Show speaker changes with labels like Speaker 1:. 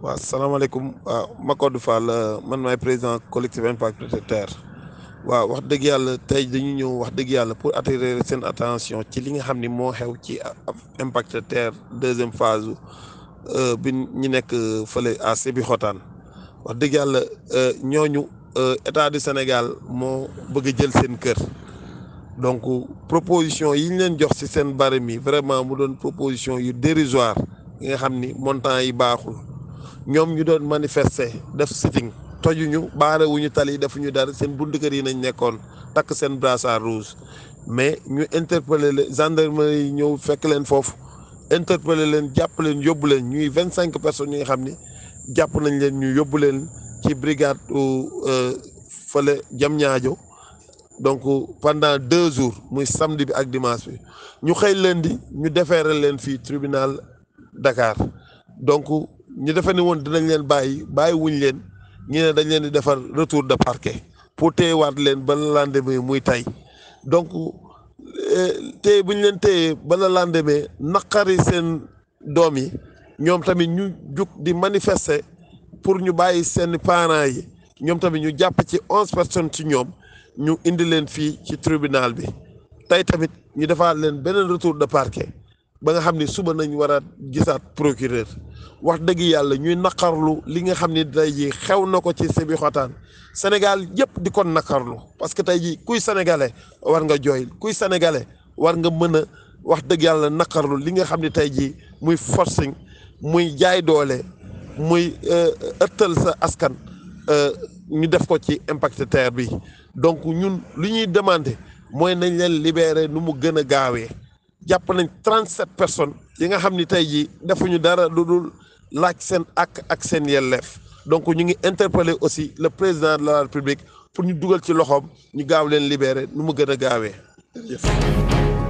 Speaker 1: waaw salaamaaleykum waaw Macodou Fall euh, man maay président collectif impact de terre waaw wax dëgg yàlla tey dañu ñëw wax dëgg yàlla pour attirer seen attention ci li nga xam ni moo xew ci impact de terre deuxième phase euh, bi ñu nekk euh, fële à Sébikotane wax dëgg yàlla ñooñu état de Sénégal moo bëgg jël seen kër donc proposition yi ñu leen jox ci seen barème mi vraiment mu doon proposition yu dérisoir yi nga xam ni montant yi baaxul ñoom ñu doon manifester def sitting tojuñu baarewuñu tali defuñu dara seen bunt yi nañ nekkoon takk seen brassard rouge mais ñu interpeller leen gendarmerie yi ñëw fekk leen foofu interpeller leen jàpp leen yóbbu leen ñuy vingt cinq personnes yi nga xam ni jàpp nañ leen ñu yóbbu leen ci brigade euh, fële jam ñaajo donc pendant deux jours muy samedi bi ak dimanche bi ñu xëy leen di ñu defeere leen fii tribunal Dakar donc ñu defe ni woon dinañ leen bàyyi bàyyi wuñ leen ñu dañ leen di defar retour de parquet pour téyewaat leen ba la lendemain muy tey donc euh, téye buñ leen téyee ba la lendemain naqari seen doom yi ñoom tamit ñu jug di manifester pour ñu bàyyi seeni parents yi ñoom tamit ñu jàpp ci onze personnes ci ñoom ñu indi leen fii ci tribunal bi tey tamit ñu defaat leen beneen retour de parquet ba nga xam ni suba nañ war a gisaat procureur wax dëgg yàlla ñuy naqarlu li nga xam ni tey ji xew na ko ci Sébikotane Sénégal yëpp di ko naqarlu parce que tey jii kuy sénégalais war nga jooy kuy sénégalais war nga mën a wax dëgg yàlla naqarlu li nga xam ne tey jii muy forcing muy jaay doole muy euh, ëttal sa askan euh, ñu def ko ci impact terre bi donc ñun li ñuy demander mooy nañ leen libérer nu mu gën a gaawee. jàpp nañ 37 personnes yi nga xam ni tey jii defuñu dara lu dul laaj seen ak ak seen yelleef donc ñu ngi interpeller aussi le président de la république pour ñu dugal ci loxoom ñu gaaw leen libérer nu mu gën a gaawee. jërëjëf.